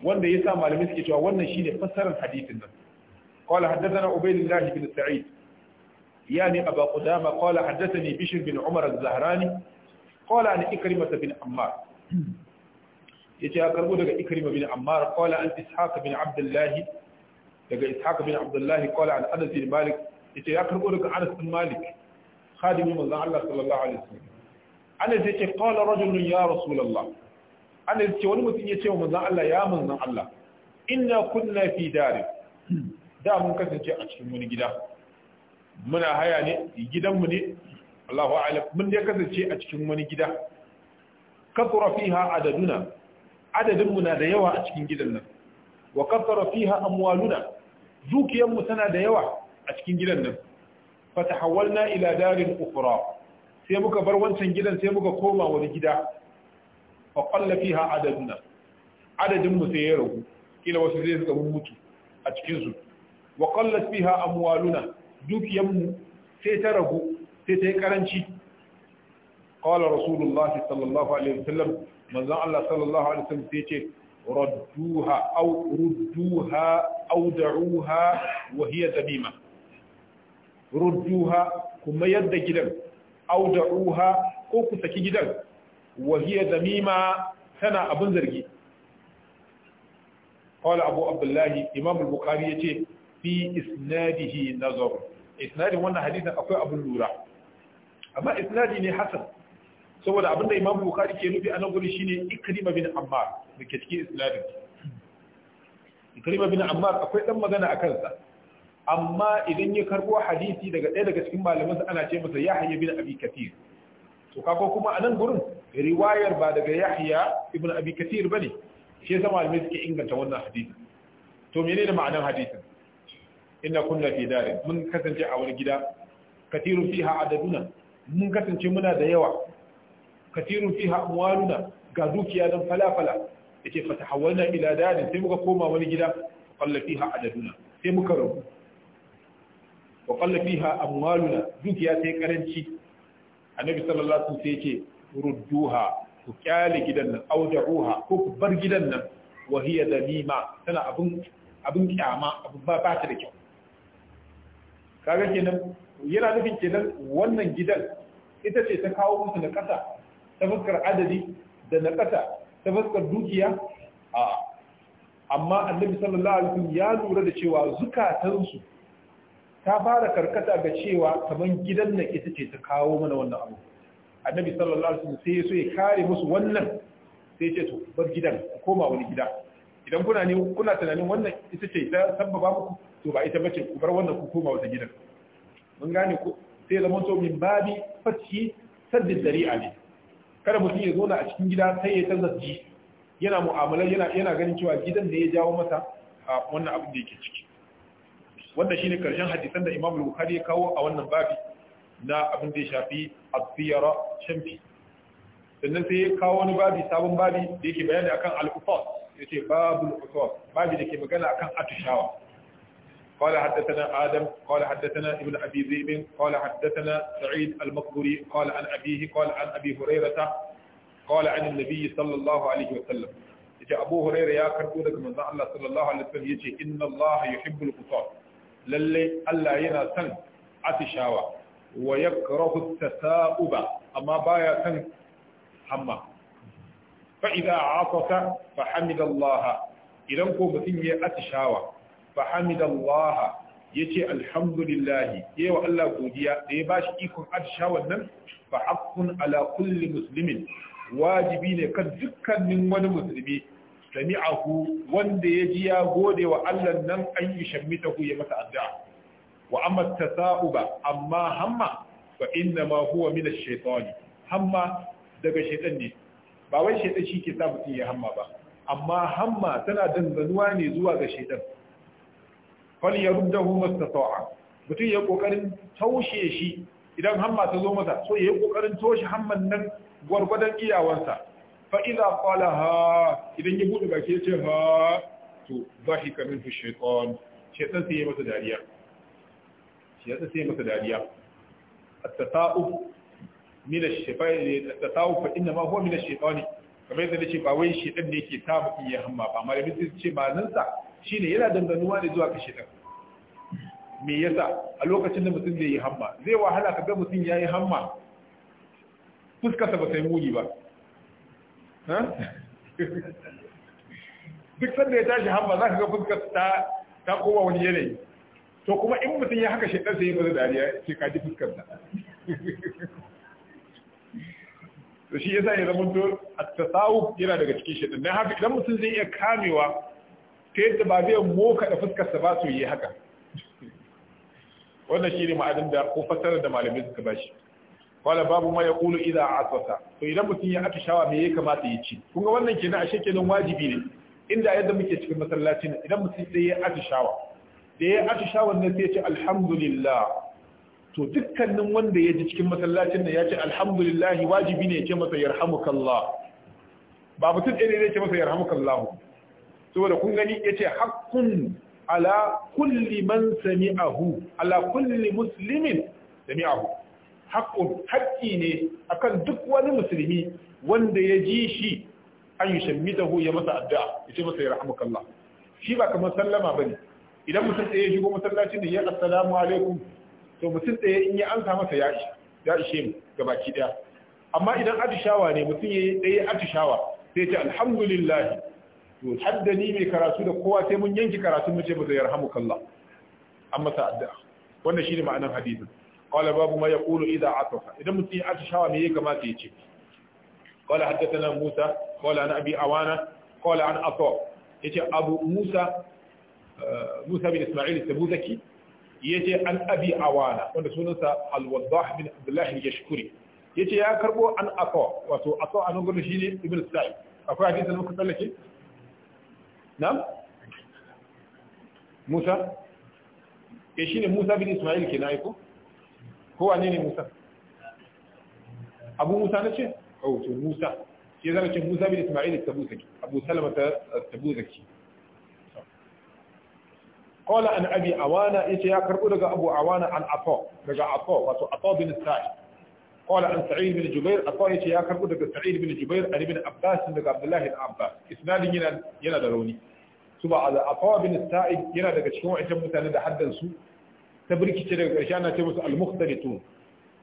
wanda yasa malamai suke cewa wannan shine fassarar hadisin nan قال حدثنا عبيد الله بن سعيد يعني أبا قدامة قال حدثني بشر بن عمر الزهراني qala an ikrimah bin ammar ce ya karbo daga ikrimah bin ammar kola an ishaq bin Abdullahi, daga ishaq bin Abdullahi, kola an anas bin malik ya ce ya karbo daga anas bin malik khadimin manzon Allah sallallahu alaihi wasallam anas yace qala rajulun ya rasulullah anas ce wani mutum ya ce wa manzon Allah ya manzon Allah inna kunna fi dari da mun kasance a cikin wani gida muna haya ne gidanmu ne Allahu a'lam mun dai kasance a cikin wani gida kathura fiha adaduna adadin mu na da yawa a cikin gidan nan wa kathura fiha amwaluna zukiyan mu tana da yawa a cikin gidan nan fa tahawwalna ila darin ukhra sai muka bar wancan gidan sai muka koma wani gida fa qalla fiha adaduna adadin mu sai ya ragu kila wasu zai suka mutu a cikin su wa qallat fiha amwaluna dukiyan mu sai ta ragu sai ta yi karanci qala rasulullah sallallahu alaihi wasallam manzon Allah sallallahu alaihi wasallam sai ce radduha aw rudduha aw da'uha wa hiya tamima rudduha kuma yadda gidan aw da'uha ko ku saki gidan wa hiya tamima tana abun zargi قال أبو عبد الله إمام البخاري يتي في إسناده نظر إسناد wannan حديثا akwai أبو lura. amma isnadi ne hasan saboda abinda imam bukhari ke nufi a nan guri shine ikrima bin ammar da ke cikin isnadin ikrima bin ammar akwai dan magana a kansa amma idan ya karbo hadisi daga ɗaya daga cikin malamansa ana ce masa yahya bin abi kathir to kako kuma a nan gurin riwayar ba daga yahya ibn abi kathir bane shi yasa malamai suke inganta wannan hadisi to menene ma'anar hadisin inna kunna fi darin mun kasance a wani gida kathirun fiha adaduna mun kasance muna da yawa katirun fiha amwaluna ga dukiya don falafala yace fa tahawwalna ila dadin sai muka koma wani gida a fiha ha'adaduna sai muka rabu. wa qalla fiha dukiya sai karanci annabi sallallahu sai ke rudduha ku kyale gidan nan audaruha ko ku bar gidan nan wa hiya dalima tana abin kyama abun ba ta da kyau kaga kenan yana nufin kenan wannan gidan ita ce ta kawo musu na ƙasa ta fuskar adadi da na ƙasa ta fuskar dukiya a amma annabi sallallahu alaihi wasallam ya lura da cewa zukatansu ta fara karkata ga cewa kaman gidan nan ita ce ta kawo mana wannan abu annabi sallallahu alaihi wasallam sai ya so ya kare musu wannan sai ya ce to bar gidan koma wani gida idan kuna ne kuna tunanin wannan ita ce ta sabbaba muku to ba ita bace ku bar wannan ku koma wata gidan mun gane ko sai zama to min babi fathi saddi dari'a ne kada mutum ya zauna a cikin gida sai ya canza ji yana mu'amala yana yana ganin cewa gidan ne ya jawo masa wannan abin da yake ciki wanda shine karshen hadisan da Imam Bukhari ya kawo a wannan babi na abin da ya shafi asfiyara shamfi sannan sai ya kawo wani babi sabon babi da yake bayani akan al-ufas yace babul ufas babi da ke magana akan atushawa قال حدثنا آدم قال حدثنا ابن أبي ذئب قال حدثنا سعيد المقبري قال عن أبيه قال عن أبي هريرة قال عن النبي صلى الله عليه وسلم يجي أبو هريرة يا كربو لك من الله صلى الله عليه وسلم يجي إن الله يحب القصاص للي ألا ينا سن أتشاوى ويكره التثاؤب أما بايا سن حما فإذا عطس فحمد الله إذا كو مسين أتشاوى fahamidallaha yace alhamdulillah yawa Allah godiya da ya bashi ikon arsha wannan fa haqqun ala kulli wajibi ne kan dukkanin wani musulmi sami'ahu wanda ya ji ya gode wa Allah nan an yi shammitahu ya masa addu'a wa amma tasa'uba amma hamma fa inna ma huwa min ash-shaytani hamma daga shaytan ne ba wai shi ke sa mutum ya hamma ba amma hamma tana danganuwa ne zuwa ga shaytan falyaruddahu mastata'a mutum ya kokarin taushe shi idan hamma ta zo masa so ya yi kokarin toshe hamman nan gwargwadon iyawansa fa idza qala ha idan ya bude baki ya ce ha to dhahika minhu shaytan shaytan sai ya masa dariya shaytan sai ya masa dariya at-tata'u min ash-shaytan at-tata'u fa inna ma huwa min ash-shaytan kamar yadda nace ba wai shaytan ne yake sa mutum ya hamma ba amma da mutum ce ba nan sa Shi ne yana danganuwa ne zuwa kashe ɗan me yasa a lokacin da mutum zai yi hamma zai wahala ka ga mutum yi hamma fuskarsa ba sai muni ba duk sanda ya tashi hamma za ka ga fuskar ta ta koma wani yanayi to kuma in mutum ya haka ɗan sai ya maza dariya ce ka ji fuskar ta to shi yasa ya zama to a tasawuf yana daga cikin shedan dan haka idan mutum zai iya kamewa ta yadda ba zai moka da fuskarsa ba su yi haka wannan shi ne ma'adin da ko fasarar da malamai suka ba shi wala babu ma ya kulu idan a aswata to idan mutum ya atishawa me ya kamata ya ci kun ga wannan kenan ashe kenan wajibi ne inda yadda muke cikin masallaci ne idan mutum sai ya atishawa da ya atishawa nan sai ya ce alhamdulillah to dukkanin wanda ya ji cikin masallacin nan ya ce alhamdulillah wajibi ne ya ce masa yarhamukallah ba mutum ɗaya ne zai ce masa yarhamukallah saboda kun gani ya ce ala kulli man sami'ahu ala kulli muslimin ne akan duk wani musulmi wanda ya ji shi an yushammitahu ya masa addu'a ce masa ya rahmukallah shi ba kamar sallama bane idan mutum ɗaya ya shigo masallacin da ya assalamu alaikum to mutum ɗaya in ya ansa masa ya ishe ya ishe mu gabaki amma idan atishawa ne mutum ya ɗaya atishawa sai ce alhamdulillah to hadda ni mai karatu da kowa sai mun yanki karatu mu ce ba zai kalla. an masa addu'a wannan shine ma'anar hadisin qala babu ma yaqulu idha atafa idan mutum ya atishawa me ya kamata ya ce qala haddathana musa qala an abi awana qala an ata yace abu musa eh, musa bin isma'il tabuzaki yace an abi awana wanda sunansa al-waddah bin abdullah al-yashkuri yace ya karbo an ato wato ata anan gurin shine ibn sa'id akwai hadisin da muka tsallake na musa ya eh, shi ne musa bin ismail ke na aiko kowa ne ne musa abu musa na ce oh to musa shi zama ce musa bin ismail ta tabuzaki abu salama ta uh, tabuzaki qala an abi awana yace ya karbo daga abu awana an afa daga afa wato afa bin sa'id قال عن سعيد بن جبير أطايت يا كربو دك سعيد بن جبير عن ابن عباس دك عبد الله بن عباس إسناد ينا ينا دروني su ba bin sa'id yana daga cikin wa'ancan mutane da haddan su ta birkice daga ƙarshe ana ce musu al-mukhtaritun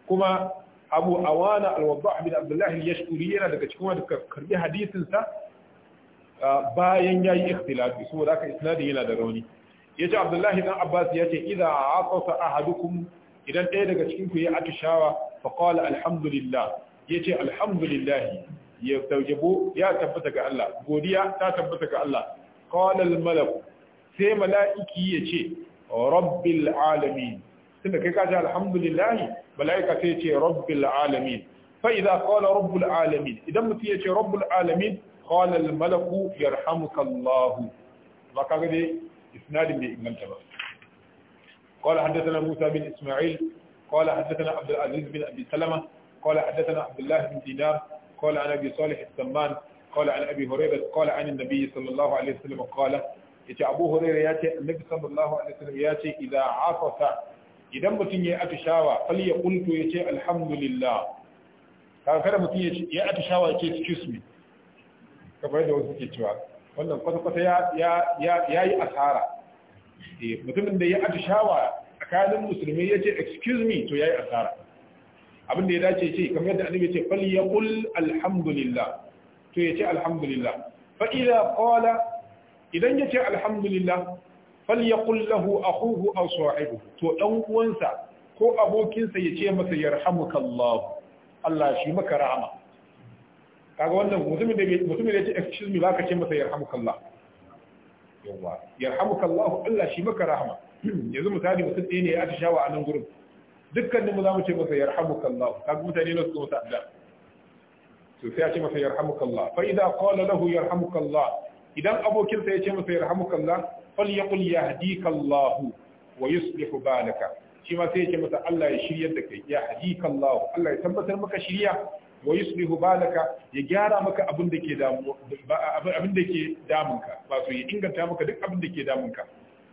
kuma abu awana al-waddah bin abdullah yashkuri yana daga cikin wanda ka karbi hadisin sa bayan yayi ikhtilafi saboda haka isnadi yana da rauni yace abdullah ibn abbas yace idza aqasa ahadukum idan ɗaya daga cikin ku ya atishawa fa qala alhamdulillah yace alhamdulillah ya taujabo ya tabbata ga Allah godiya ta tabbata ga Allah qala malaku sai mala'iki ya ce rabbil alamin tunda kai kaji alhamdulillah mala'ika sai ce rabbil alamin fa idza qala rabbul alamin idan mutum ya ce rabbul alamin qala al malaku yarhamuka allah ba kaga dai isnadin bai inganta ba قال حدثنا موسى بن إسماعيل قال حدثنا عبد العزيز بن أبي سلمة قال حدثنا عبد الله بن دينار قال عن أبي صالح السمان قال عن أبي هريرة قال عن النبي صلى الله عليه وسلم قال يتي أبو هريرة ياتي ya ce الله عليه idan ياتي إذا عطس إذا متن يأتشاوى فليقول يتي الحمد لله kada mutum ya atishawa ya ce excuse me kamar da wasu ke cewa wannan kwata-kwata ya yi asara mutumin da ya atishawa tsakanin musulmi ya ce excuse me to ya yi asara abinda ya dace ce kamar yadda annabi ce fal alhamdulillah to ya ce alhamdulillah fa idza qala idan ya ce alhamdulillah falyaqul lahu akhuhu aw sahibuhu to dan uwansa ko abokinsa ya ce masa yarhamukallah Allah Allah shi maka rahama kaga wannan mutumin da mutumin da ya ce excuse me baka ce masa yarhamukallah yawa yarhamukallah Allah Allah, shi maka rahama yanzu misali mutum ɗaya ne ya atishawa a nan gurin dukkaninmu za mu ce masa Allah. kaga mutane ne su masa addu'a to sai a ce masa yarhamukallah fa idza qala lahu yarhamukallah idan abokin sa ya ce masa yarhamukallah falyaqul yahdikallah wa yuslih balaka shi ma sai ya ce masa Allah ya shiryar da kai yahdikallah Allah ya tabbatar maka shiriya wa yuslihu balaka ya gyara maka abin da ke damu abin da ke damunka wato ya inganta maka duk abin da ke damunka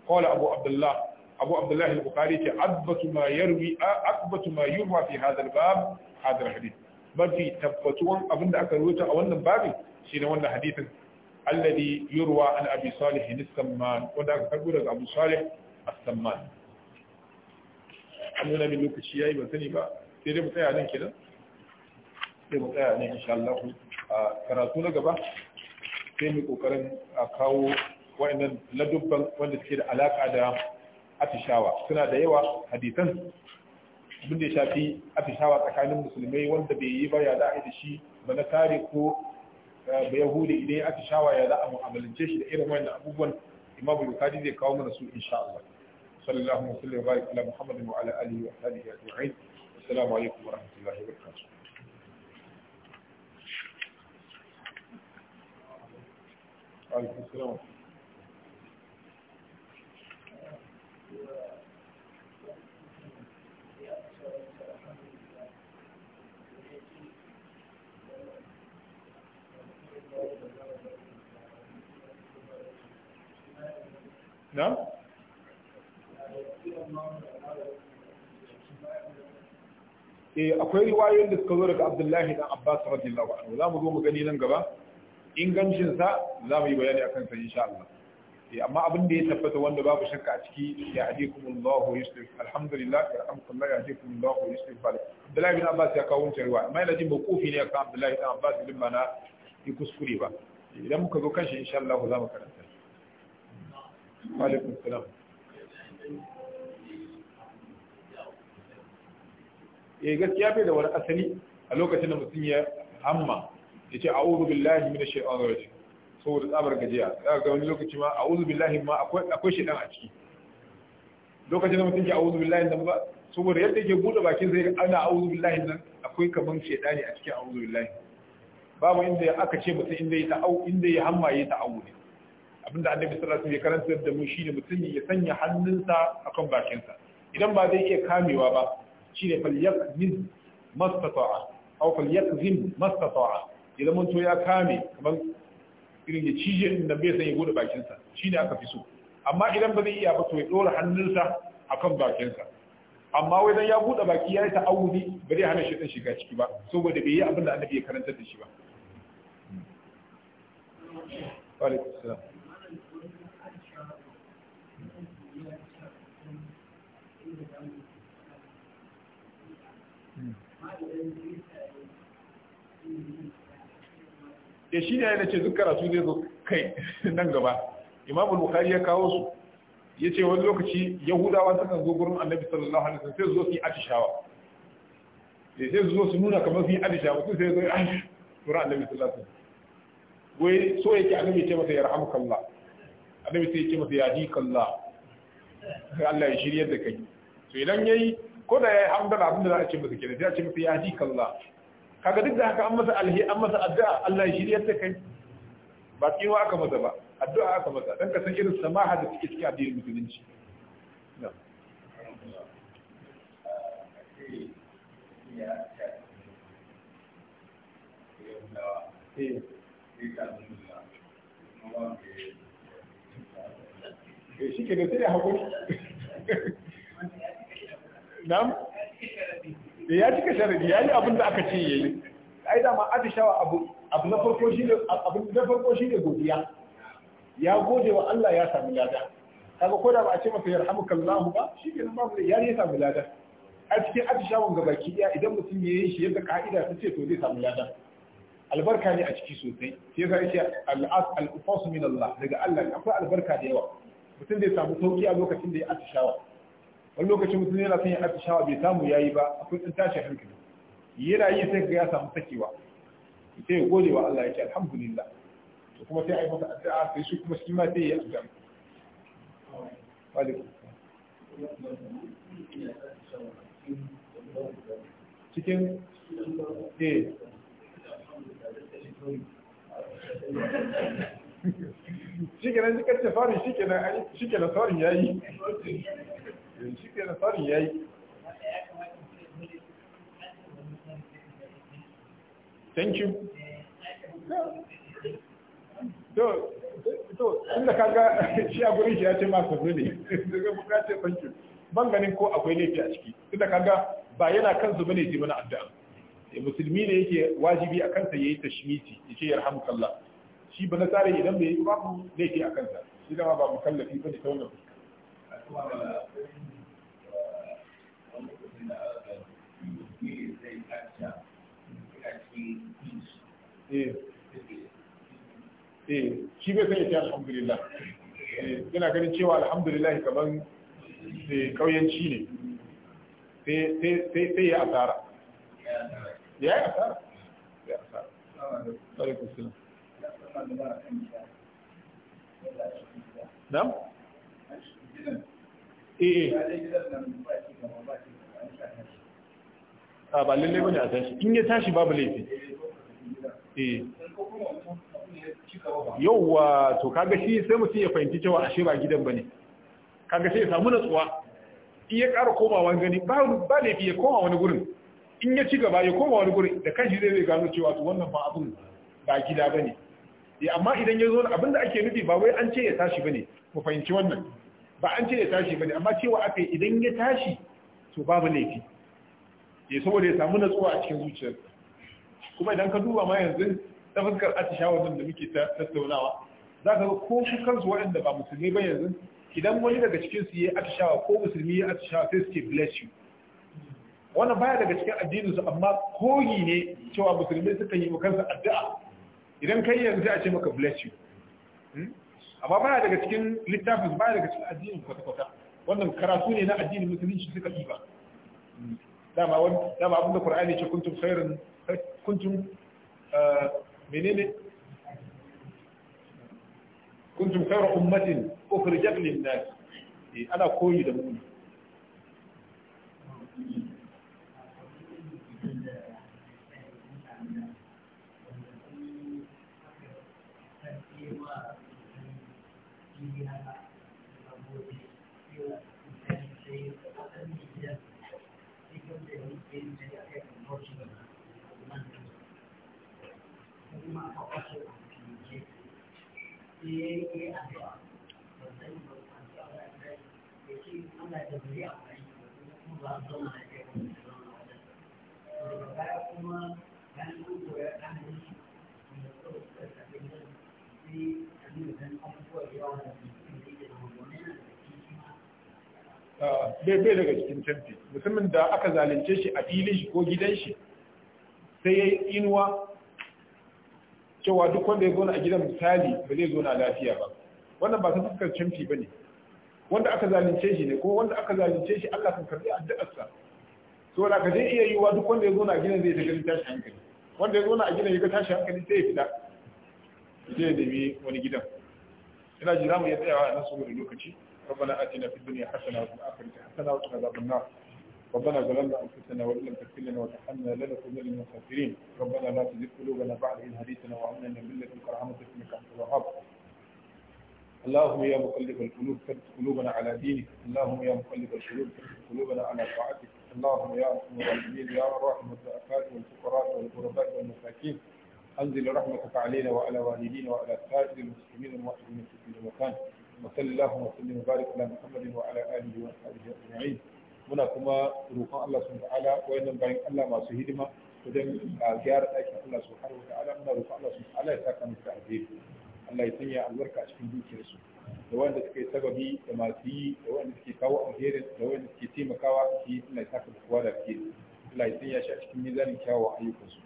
qala abu abdullah abu abdullah al-bukhari ce adbatu ma yarwi akbatu ma yurwa fi hadha al-bab hadha al-hadith mafi tabbatuwan abin da aka rubuta a wannan babi shine wannan hadithin alladhi yurwa an abi salih as-samman wanda aka karbo daga abu salih as-samman nuna min lokaci yayi ba sani ba sai dai mu tsaya nan kenan sai mu tsaya nan insha Allah a karatu na gaba sai mu kokarin a kawo wa'annan ladubban wanda suke da alaka da atishawa suna da yawa hadisan abin da ya shafi tsakanin musulmai wanda bai yi ba ya da a yi da shi ba na kare ko eh, ba yahudi idan ya atishawa ya za a mu'amalance shi da irin wannan abubuwan imam bukari zai kawo mana su insha Allah sallallahu alaihi wa sallam barik ala muhammadin wa ala alihi wa sahbihi ajma'in assalamu alaikum wa rahmatullahi wa barakatuh عليكم السلام na? eh akwai riwayoyin da suka zo daga Abdullahi dan Abbas radiyallahu anhu zamu zo mu gani nan gaba ingancin sa zamu yi bayani akan sa insha Allah eh amma abin da ya tabbata wanda babu shakka a ciki ya hadikumullahu yusuf alhamdulillah yarhamukallah ya hadikumullahu yusuf Abdullahi bin Abbas ya kawo wancan riwaya amma yana jin mawqufi ne akan Abdullahi dan Abbas bin mana yi kuskure ba idan muka zo kanshi insha Allah zamu karanta Walaikun salam. Eh gaskiya bai da wani asali a lokacin da mutum ya hamma ya ce a'udhu billahi minash shaitanir rajim saboda tsabar gajiya za ga wani lokaci ma a'udhu billahi ma akwai akwai a ciki lokacin da mutum ke a'udhu billahi nan ba saboda yadda yake buɗe bakin zai ana a'udhu billahi nan akwai kaman shaitani a cikin a'udhu billahi babu inda aka ce mutum inda ya ta'au inda ya hamma ya ta'au ne abinda annabi sallallahu alaihi wasallam ya karanta da mu shine mutum ya sanya hannunsa akan bakinsa idan ba zai iya kamewa ba shine yakzim mastata'a aw yakzim mastata'a idan mun to ya kame kamar irin ya cije din da bai san ya gode bakinsa shine aka fi so amma idan ba zai iya ba to ya dora hannunsa akan bakinsa amma wai dan ya bude baki ya yi ta'awudi ba zai hana shi dan shiga ciki ba saboda bai yi abin da annabi ya karanta da shi ba. Wa alaikum salam. da shi ne yana ce duk karatu ne zo kai nan gaba imamul bukhari ya kawo su ya ce wani lokaci yahudawa sukan zo gurin annabi sallallahu alaihi wasallam sai zo su yi atishawa da eh, sai su zo su nuna kamar su yi atishawa su sai zo yi gurin annabi sallallahu alaihi wasallam wai so yake annabi ya ce masa ya kalla, annabi sai ya ce masa kalla, sai Allah ya shiryar da kai to idan yayi ko da yayi hamdala abinda za a ce masa kenan sai a ce masa ya ji Allah kaga duk da haka an masa alhi an masa addu'a Allah ya shirye ta kai ba kiwa aka masa ba addu'a aka masa dan ka san irin samaha da take cikin addinin musulunci eh, shi ke da sai na'am da eh, ya cika sharadi ya yi abin da aka ce ya yi ai dama atishawa abu abu na farko shi ne abu na farko shi ne godiya ya gode wa Allah ya sami lada kaga ko da ba a ce masa yarhamukallahu ba shi ke nan babu ya yi sami lada a cikin atishawan gabaki ya idan mutum ya yi shi yadda ka'ida ta ce to zai sami lada albarka ne a ciki sosai sai ga shi al'as al min Allah daga Allah akwai albarka da yawa mutum zai samu sauki a lokacin da ya shawa wani lokacin mutum yana son ya atishawa bai samu yayi ba akwai ɗan tashi hankali yana yi sai ga ya samu sakewa sai ya gode wa Allah ya ce alhamdulillah to kuma sai a yi masa addu'a sai shi kuma shi ma sai ya addu'a walikum cikin eh shi kenan shi kacce farin shi kenan shi kenan farin yayi yanzu shi ke na farin ya yi thank you to to inda kaga shi a gurin shi ya ce masa zuri daga bukatar thank you ban ganin ko akwai laifi a ciki inda kaga ba yana kansu bane ji mana addu'a eh, musulmi ne yake wajibi a kansa yayi tashmiti yace yarhamukallah shi ba na tsare idan bai yi ba laifi a kansa shi dama ba mukallafi bane ta wannan fuska Eh, eh, shi bai sanya ce alhamdulillah eh, yana ganin cewa alhamdulillah kamar kauyanci ne sai ya asara ya yi asara ya asara tsari kusur na? eh a ba lalle ne a tashi in ya tashi babu laifi eh yauwa to kaga shi sai mutum ya fahimci cewa ashe ba gidan bane kaga sai ya samu natsuwa in ya ƙara komawa gani ba laifi ya koma wani gurin in ya ci gaba ya koma wani gurin da kanshi zai zai gano cewa to wannan ba abun ba gida ba ne. Eh, amma idan ya zo abin abinda ake nufi ba wai an ce ya tashi ba ne, mu fahimci wannan ba an ce ya tashi ba ne, amma cewa aka idan ya tashi to babu laifi ya eh, saboda ya samu natsuwa a cikin zuciyar kuma idan ka duba ma yanzu ta fuskar atishawar nan da muke tattaunawa za ka ga ko su kansu waɗanda ba musulmi ba yanzu idan wani daga cikin su yi atishawa ko musulmi ya atishawa sai suke bless you wannan baya daga cikin addininsu amma koyi ne cewa musulmi suka yi kansa addu'a idan kai yanzu a ce maka bless you hmm? amma baya daga cikin littafin baya daga cikin addinin kwata-kwata wannan karatu ne na addinin musulunci suka yi ba hmm. dama wani dama abinda qur'ani ce kuntum khairun kuntum menene kuntum khairu ummatin ukhrijat lin nas ana koyi da mu Yeah. daidai daga cikin canfi musamman da aka zalunce shi a filin shi ko gidan shi sai ya yi inuwa cewa duk wanda ya zauna a gidan misali ba zai na lafiya ba wannan ba ta fuskar canfi ba ne wanda aka zalunce shi ne ko wanda aka zalunce shi Allah kan karbi addu'arsa so da ka je iya wa duk wanda ya zauna a gidan zai ta gani tashi hankali wanda ya zauna a gidan ya ga tashi hankali sai ya fita sai ya nemi wani gidan ina ji za mu iya tsayawa a nan saboda lokaci ربنا آتنا في الدنيا حسنة وفي الآخرة حسنة وقنا عذاب النار ربنا ظلمنا أنفسنا وإن لم تغفر لنا وترحمنا لنكن من المخاسرين ربنا لا تزغ قلوبنا بعد إذ هديتنا وهب لنا من لدنك رحمة إنك أنت الوهاب اللهم يا مقلب القلوب ثبت قلوبنا على دينك اللهم يا مقلب القلوب ثبت قلوبنا على طاعتك اللهم يا ارحم الراحمين يا ارحم الضعفاء والفقراء والغرباء والمساكين انزل رحمتك علينا وعلى والدينا وعلى سائر المسلمين الموحدين في كل مكان وصل اللهم وسلم وبارك على محمد وعلى اله وصحبه اجمعين muna kuma roƙon Allah subhanahu ta'ala wayannan bayan Allah masu hidima wajen gyara ɗakin Allah subhanahu ta'ala muna roƙon Allah subhanahu ta'ala ya saka musu alheri Allah ya sanya albarka a cikin dukiyarsu da wanda suke sababi da masu yi da wanda suke kawo alheri da wanda suke taimakawa ki Allah ya saka da kowa da ke Allah ya sanya shi a cikin mizanin kyawawan ayyukansu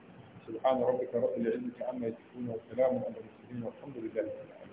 سبحان ربك رب العزة عما يصفون وسلام على المرسلين والحمد لله رب العالمين